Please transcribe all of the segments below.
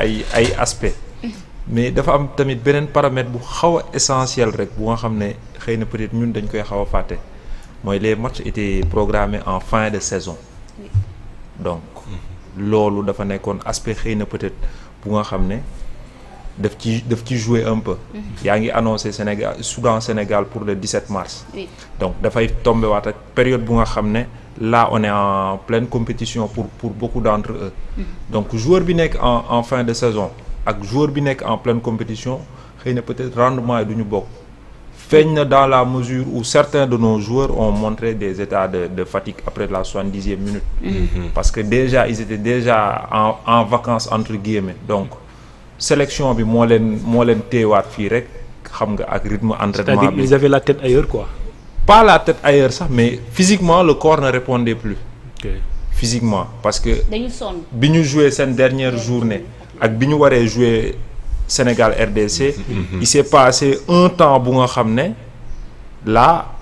ay ay aspect mais dafa am tamit benen paramètre bu xawa essentiel rek bu nga xamné ne peut-être ñun dañ koy xawa faté moy les matchs étaient programmés en fin de saison donc lolu dafa nekkoon aspect xeyna peut-être bu nga xamné ne daf ci daf ci jouer un peu mhm. yaa ngi annoncé Sénégal Soudan Sénégal pour le 17 mars donc fay tomber waat ak période bu nga xamné là on est en pleine compétition pour pour beaucoup d'entre eux donc joueur Binek en en fin de saison ak joueur Binek en pleine compétition il n'est peut-être rendement à du Feigne dans la mesure où certains de nos joueurs ont montré des états de fatigue après la 70e minute mm-hmm. parce que déjà ils étaient déjà en vacances entre guillemets donc sélection bi moo leen moo rythme entraînement c'est-à-dire ils avaient la tête ailleurs quoi pas la tête ailleurs ça mais physiquement le corps ne répondait plus. Okay. physiquement parce que. dañu sonn cette dernière journée ak bi waré jouer Sénégal RDC. Mhm. il s'est passé un temps bon nga xam là.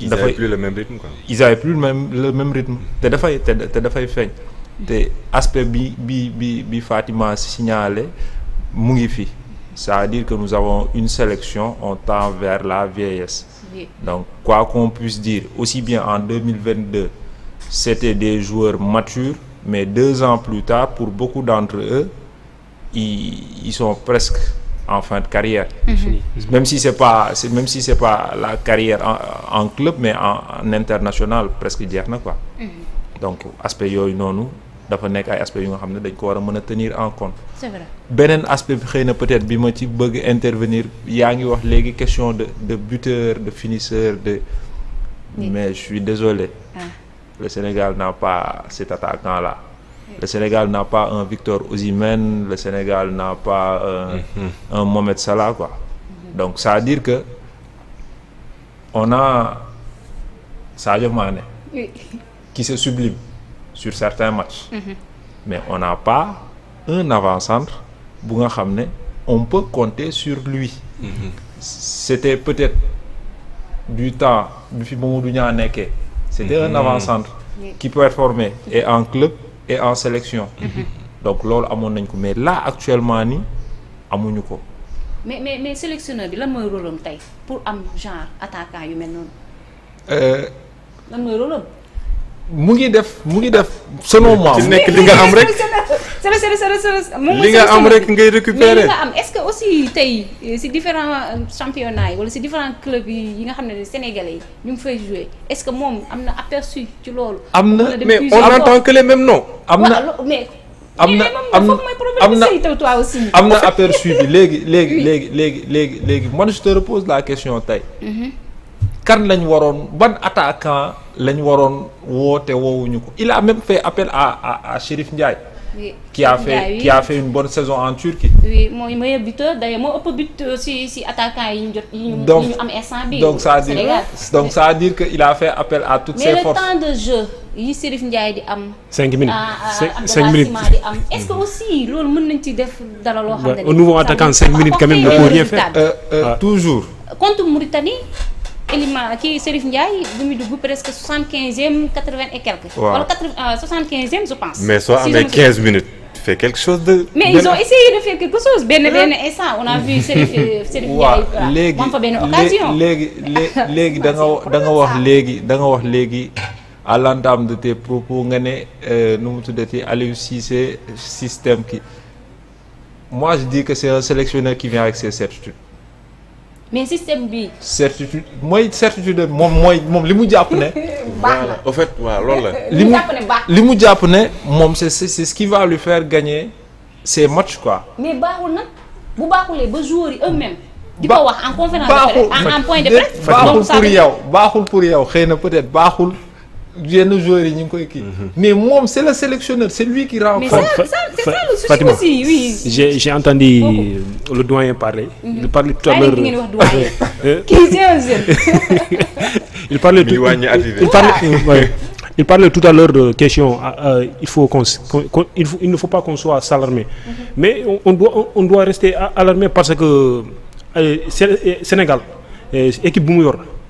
ils n'avaient plus le même rythme quoi. ils avaient plus le même le même rythme te dafay te te dafay feeñ. aspect bi bi bi bi Fatima signalé mu fi c'est-à-dire que nous avons une sélection en temps vers la vieillesse. Donc, quoi qu'on puisse dire, aussi bien en 2022, c'était des joueurs matures, mais deux ans plus tard, pour beaucoup d'entre eux, ils, sont presque en fin de carrière. Mhm. Même si ce n'est pas, si pas la carrière en, club, mais en, international, presque dire quoi. Mhm. Donc, aspect non, nous, dafa nek ay aspects yu nga xam dañ ko wara tenir en compte. c'est vrai aspect qui peut-être bi ma ci bëgg intervenir wax légui question de de buteur de finisseur de. mais je suis désolé. Ah. le Sénégal n'a pas cet attaquant là. Le Sénégal n'a pas un Victor Osimhen, le Sénégal n'a pas un, mm-hmm. un, Mohamed Salah. Quoi. Mm-hmm. Donc ça veut dire que on a Sadio Mane qui se sublime sur certains matchs. Mhm. Mais on n'a pas un avant-centre bu on peut compter sur lui. Mhm. C'était peut-être du temps du C'était un mhm. avant-centre. qui peut formé et en club et en sélection. donc loolu amoon ko mais là actuellement ni amuñu ko. mais mais mais sélectionneur bi lan rôle pour un genre attaquant yu mel noonu. Euh, lan c'est moi. est-ce que aussi ces différents championnats différents clubs Sénégalais yi ñu jouer est-ce que moi, j'ai aperçu mais on n'entend que les mêmes noms. aperçu je te repose la question kan lañ waroon ban attaquant lañ waroon wote te ko il a même fait appel à à à Chérif Ndiaye. oui qui a fait Ndiaye, oui. qui a fait une bonne saison en Turquie. oui mooy meilleur buteur d'ailleurs moo peu but euh, si si attaquant yi ñu jot. yi ñu am instant bi donc ça veut dire donc ça veut dire que il a fait appel à toutes ses forces mais le temps de jeu yi Chérif Ndiaye di am. cinq minutes ah, ah, cinq minutes di am est-ce que mhm. aussi loolu mën nañ ci def dara lo xamné au nouveau attaquant cinq minutes quand même ne peut rien faire euh, euh, ah. toujours. contre Mauritanie. Elima kii Serif Ndiaye bu il dugg presque 75ème, 80 et quelque. waaw 75ème, euh, je pense. mais soit avec 15 minutes. fais quelque chose de. mais ils ont essayé de faire quelque chose hein? on a vu Serif euh, Serif Ndiaye. waaw légui légui occasion. da nga da nga wax légui da nga wax légui à l'entame de tes propos nga né euh, nous mu système qui moi je dis que c'est un sélectionneur qui vient avec ses certitudes mais système bi. certitude mooy certitude mom mooy moom li mu jàpp ne. baax au fait waaw loolu la. limu mu jàpp ne baax c'est c'est ce qui va lui faire gagner ces matchs quoi. mais baaxul nak bu baaxulee ba joueurs eux-mêmes. diko wax en conférence de presse en point de presse. baaxul pour yow baaxul pour yow xëy peut-être baaxul yenn joueurs yi ñu ngi mhm. mais moi c'est le sélectionneur c'est lui qui rend. mais ça ça c'est ça le souci aussi oui. j'ai j'ai entendu le doyen parler. Mhm. il parlait tout à l'heure euh, euh, il parlait tout il parlait euh, il parlait tout à l'heure de question il faut il, ne faut pas qu'on soit s'alarmer mhm. mais on, doit on doit rester alarmé parce que euh, Sénégal équipe bu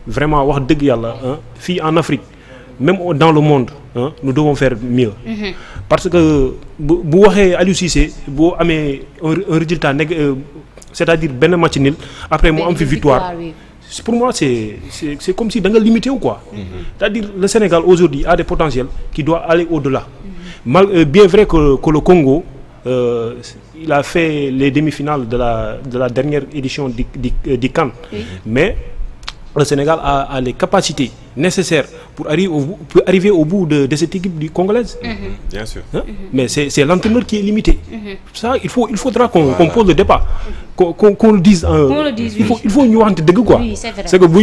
vraiment wax dëgg yàlla hein, fi en Afrique même dans le monde hein, nous devons faire mieux. Mhm. parce que bu bu waxee un résultat euh, c'est-à-dire ben match nul après moi am victoire. pour moi c'est comme si da limité ou quoi. Mhm. c'est-à-dire le Sénégal aujourd'hui a des potentiels qui doit aller au-delà. Mhm. Euh, bien vrai que le Congo. Euh, il a fait les demi-finales de la de la dernière édition du cannes mais le Sénégal a, les capacités nécessaires pour arriver au, bout de, cette équipe congolaise. Mm-hmm. Bien sûr. Hein? Mm-hmm. Mais c'est l'entraîneur qui est limité. Mm-hmm. Ça, il, faut, faudra qu'on pose le départ, euh, Qu'on le dise. Il faut, quoi. c'est vrai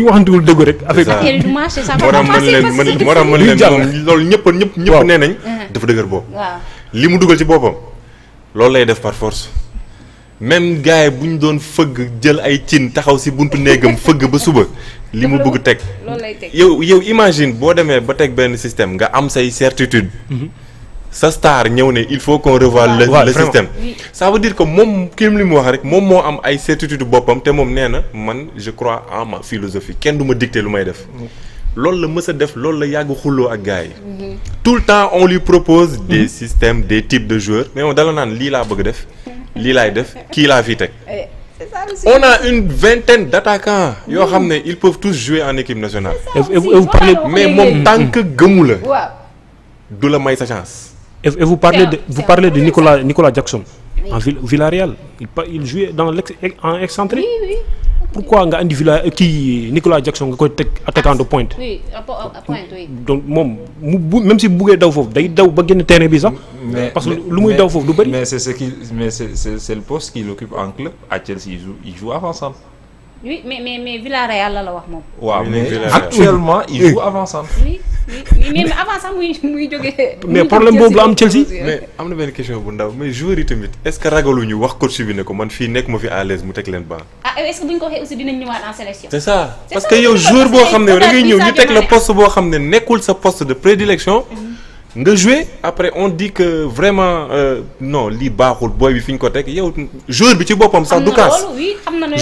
même gars yi bu doon feug jël ay tin taxaw ci buntu néegam feug ba suba limu bëgg tek yow yow imagine bo démé ba tek ben système nga am say certitude mhm. sa star ñëw né il faut qu'on revoie le le système ça veut dire que mom kim limu wax rek mom mo am ay certitude bopam té mom néna man je crois en ma philosophie kenn du ma dicter lu may def mhm. lool la mësa def lool la yàgg xullo ak gaay mhm. tout le temps on lui propose des systèmes des types de joueurs mais moom dala naan lii laa bëgg def Lila qui def vite. Eh, on a une vingtaine d'attaquants ils peuvent tous jouer en équipe nationale mais mon tant que D'où la la may sa chance et vous parlez de vous parlez de Nicolas Jackson en Villarreal il jouait dans l'ex en oui pourquoi nga andi Villa qui Nicolas Jackson nga koy teg attaquant de pointe. oui oui. donc mom même si bougué daw foofu day daw ba guen terrain bi sax. parce que lu muy daw foofu du bari mais c'est ce qui mais c'est c'est le poste qu'il occupe en club à Chelsea il joue avant-centre. oui mais mais mais Villarreal la la wax mom Ouais, mais actuellement il joue avant-centre. oui oui mais avant ça muy muy mais problème bobu am Chelsea. mais amna ben question bu ndaw mais joueur yi tamit est-ce que ragaluñu wax coach bi ne ko man fi nek mo fi à l'aise mu tek len baax. Euh, est-ce c'est ça parce que yow jour où xamné da ngay ñëw ñu tek le poste de prédilection nga jouer après on dit que vraiment euh, non li baxul boy bi fiñ ko tek yow joueur bi ci bopam sax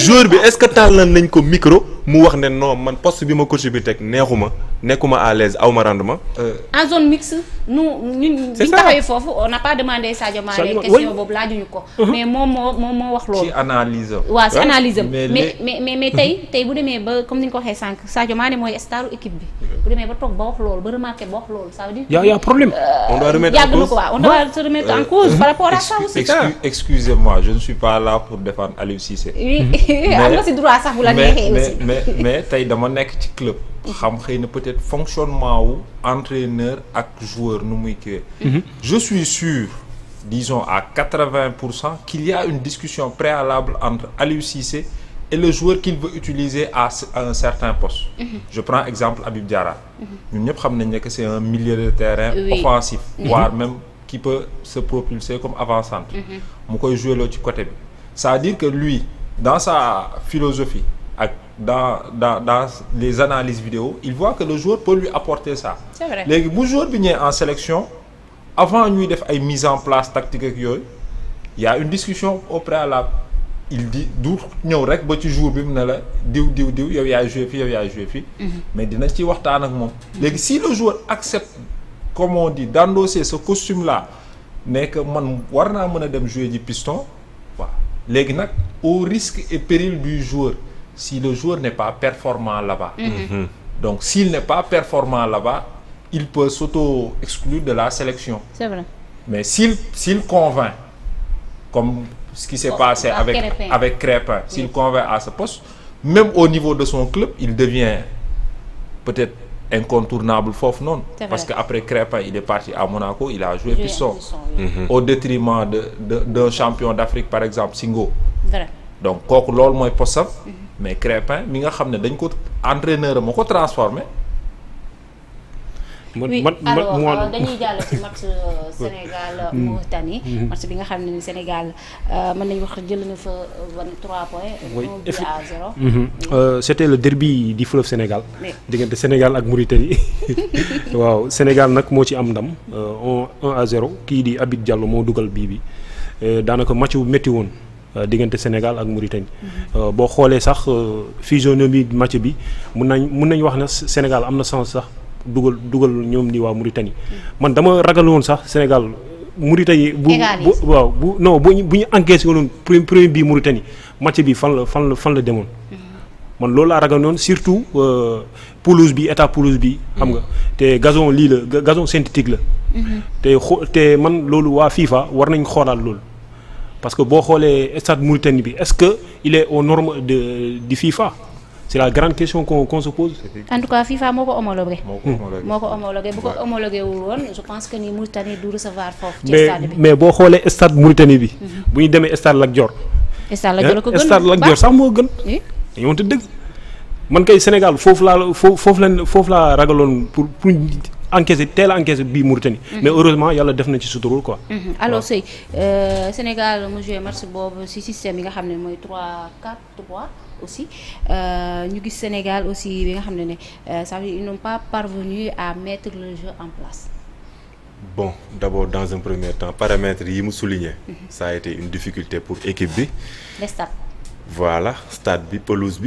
joueur est-ce que tu nañ ko micro mu wax ne non man poste bi ma coach bi tek à l'aise aw mon rendement. Euh, en zone mixte nous on n'a pas demandé Sadio uh-huh. mais wax analyse hein? analyse mais mais mais comme Sadio équipe il y' a un problème. Euh, on doit remettre on doit se remettre en cause euh, par rapport à ça aussi. excusez-moi je ne suis pas là pour défendre Aliou Cissé. oui c'est mhm. a droit à ça, la l'avez mais mais mon tey petit nekk ci club. xam xëy peut-être fonctionnement entre entraîneur et joueur mhm. je suis sûr. disons à 80 qu'il y a une discussion préalable entre Aliou Cissé et le joueur qu'il veut utiliser à, un certain poste. Mhm. Je prends exemple Abib Diara. Mhm. Nous savons que c'est un milieu de terrain offensif, mhm. voire même qui peut se propulser comme avant-centre. Je le jouer côté. Ça veut dire que lui, dans sa philosophie, dans, dans, dans, les analyses vidéo, il voit que le joueur peut lui apporter ça. C'est vrai. Les joueurs venaient en sélection, avant de faire une mise en place tactique, il y a une discussion auprès au la il dit dur rek ba ci jour bi mu la diw diw diw yow joué mhm. mais dina ci waxtaan ak mom si le joueur accepte comme on dit d'endosser ce costume là mais que man warna mëna pas dem jouer ji piston wa au risque et péril du joueur si le joueur n'est pas performant là-bas. Mhm. Mhm. donc s'il n'est pas performant là-bas il peut s'auto-exclure de la sélection. c'est vrai mais s'il s'il convainc comme ce qui s'est passé avec, Crépin. avec Crépin. S'il convainc à ce poste, même au niveau de son club, il devient peut-être incontournable fof non parce qu'après Crépin il est parti à Monaco il a joué Pisson mhm. au détriment d'un champion d'Afrique par exemple Singo donc kooku loolu est possible, mhm. mais Crépin il a xam dañ entraîneur transformé man man euh, dañuy jàll ci match euh, Sénégal hmm. Mauritanie. Hmm. match bi nga xam ne ni Sénégal euh, mën nañu wax jël na fa ban 3 points. oui effectivement hmm. le derby di fleuve Sénégal. diggante Sénégal ak Mauritanie waaw Sénégal nag moo ci am ndam 1 à 0 kii di Habib Diallo moo dugal bii bi daanaka match bu métti woon. diggante Sénégal ak Mauritanie. boo xoolee sax physionomie match bi mun nañ mun nañ wax ne Sénégal am na sens sax. dugal dugal ñom ni wa Mauritanie man dama ragal won sax Sénégal Mauritanie bu bu bu non buñu ñu bu encaissé woon premier bi Mauritanie match bi fan fan la fan la démon man loolu ragal surtout euh, pelouse bi état pelouse bi. xam nga te gazon lille le gazon synthétique la. te té man loolu wa FIFA war nañ xolal lool parce que bo xolé stade Mauritanie bi est-ce que il est aux normes de de FIFA c'est la grande question qu'on qu se pose. en tout cas FIFA moo ko homologué. moo ko homologué bu ko homologué wul je pense que ni Mauritanie du recevoir foofu. ci stade bi mais boo xoolee stade Mauritanie bi. Mhm. bu ñu démé stade Lat stade Lat ko gën eh, stade Lat sax mo gën. Ñu wante deug. man kay Sénégal foofu laa foofu la foofu laa ragaloon pour pour. encaissé teel a encaissé bii Mauritanie. Mhm. mais heureusement yalla def na ci suturul quoi. Mhm. alors euh, Sénégal mu joué match bobu ci système yi nga xamné moy 3 4 3 aussi euh, Sénégal aussi euh, ils n'ont pas parvenu à mettre le jeu en place. bon d'abord dans un premier temps paramètres il mu souligner mhm. ça a été une difficulté pour l'équipe. les voilà stade bi pelouse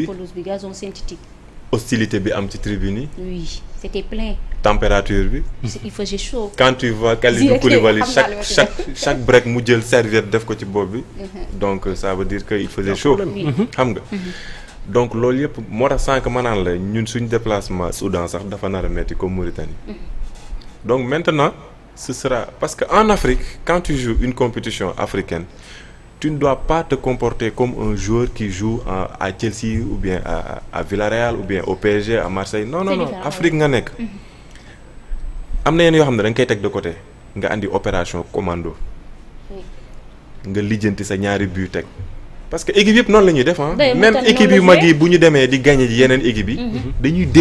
gazon synthétique hostilité bi am ci tribune oui c'était plein. température bi. il faisait chaud. quand tu vois Kalidou Koulibaly chaque chaque chaque break mu jël serviette def ko ci bi. Mhm. donc ça veut dire que il faisait chaud. Mhm. xam nga. Mhm. donc lool moi moo tax que ma nous la ñun suñu déplacement Soudan sax dafa metti comme Mauritanie. donc maintenant ce sera parce que en Afrique quand tu joues une compétition africaine tu ne dois pas te comporter comme un joueur qui joue à, Chelsea ou bien à, à, Villarreal ou bien au PSG, à Marseille. Non, non, non. Afrique nga mhm. na yenn yoo de côté nga andi opération commando. nga lijjanti sa ñaari but parce que équipe yep non lañuy def hein. même équipe yu magi buñu démé di gagné yenen équipe mhm.